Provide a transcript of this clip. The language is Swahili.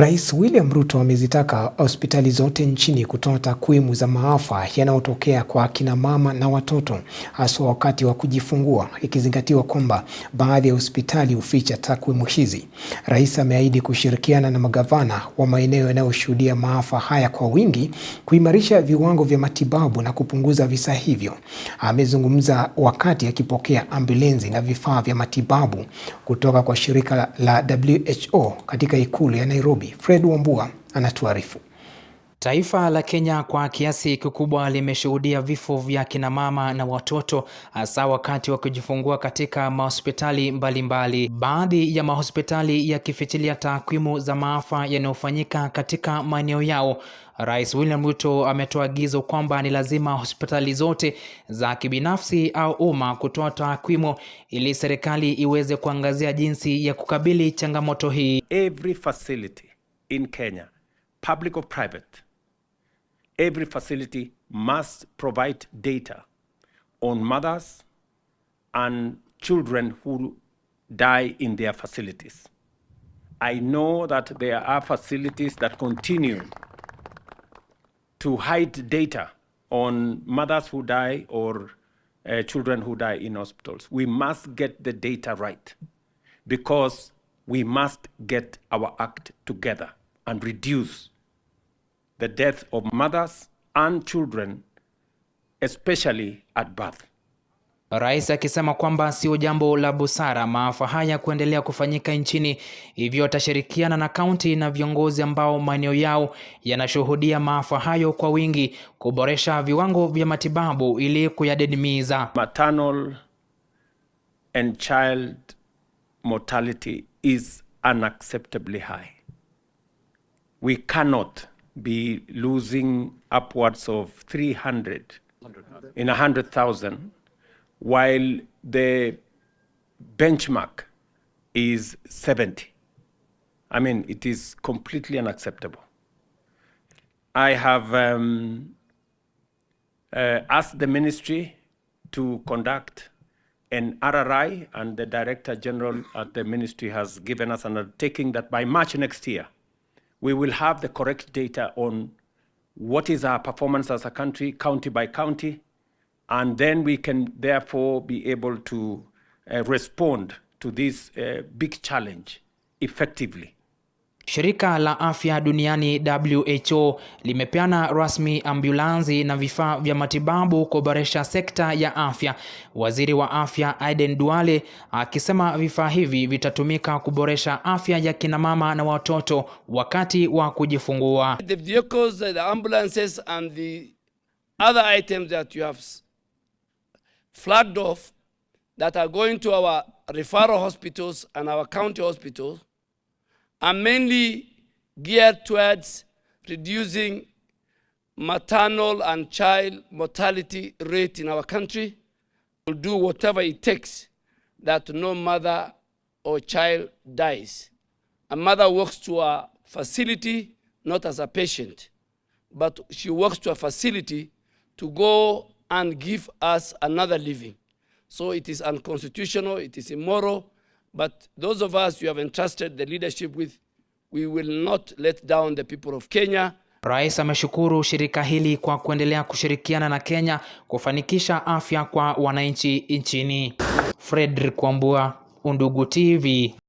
Rais William Ruto amezitaka hospitali zote nchini kutoa takwimu za maafa yanayotokea kwa akina mama na watoto haswa wakati wa kujifungua, ikizingatiwa kwamba baadhi ya hospitali huficha takwimu hizi. Rais ameahidi kushirikiana na magavana wa maeneo yanayoshuhudia maafa haya kwa wingi, kuimarisha viwango vya matibabu na kupunguza visa hivyo. Amezungumza wakati akipokea ambulensi na vifaa vya matibabu kutoka kwa shirika la WHO katika ikulu ya Nairobi. Fred Wambua anatuarifu. Taifa la Kenya kwa kiasi kikubwa limeshuhudia vifo vya kinamama na watoto hasa wakati wa kujifungua katika mahospitali mbalimbali, baadhi ya mahospitali yakifichilia takwimu za maafa yanayofanyika katika maeneo yao. Rais William Ruto ametoa agizo kwamba ni lazima hospitali zote za kibinafsi au umma kutoa takwimu ili serikali iweze kuangazia jinsi ya kukabili changamoto hii. Every facility in Kenya, public or private, every facility must provide data on mothers and children who die in their facilities. I know that there are facilities that continue to hide data on mothers who die or uh, children who die in hospitals. We must get the data right because we must get our act together. and reduce the death of mothers and children especially at birth. Rais akisema kwamba sio jambo la busara maafa haya kuendelea kufanyika nchini, hivyo atashirikiana na kaunti na viongozi ambao maeneo yao yanashuhudia maafa hayo kwa wingi kuboresha viwango vya matibabu ili kuyadidimiza. Maternal and child mortality is unacceptably high. we cannot be losing upwards of 300 in 100,000 while the benchmark is 70. I mean, it is completely unacceptable. I have um, uh, asked the ministry to conduct an RRI, and the Director General at the ministry has given us an undertaking that by March next year, we will have the correct data on what is our performance as a country, county by county, and then we can therefore be able to uh, respond to this uh, big challenge effectively. Shirika la Afya Duniani WHO limepeana rasmi ambulansi na vifaa vya matibabu kuboresha sekta ya afya. Waziri wa Afya Aden Duale akisema vifaa hivi vitatumika kuboresha afya ya kina mama na watoto wakati wa kujifungua. The vehicles, the ambulances and the other items that you have flagged off that are going to our referral hospitals and our county hospitals are mainly geared towards reducing maternal and child mortality rate in our country. We'll do whatever it takes that no mother or child dies. A mother walks to a facility not as a patient, but she walks to a facility to go and give us another living. So it is unconstitutional, it is immoral, But those of us you have entrusted the leadership with, we will not let down the people of Kenya. Rais ameshukuru shirika hili kwa kuendelea kushirikiana na Kenya kufanikisha afya kwa wananchi nchini. Fredrick Kwambua, Undugu TV.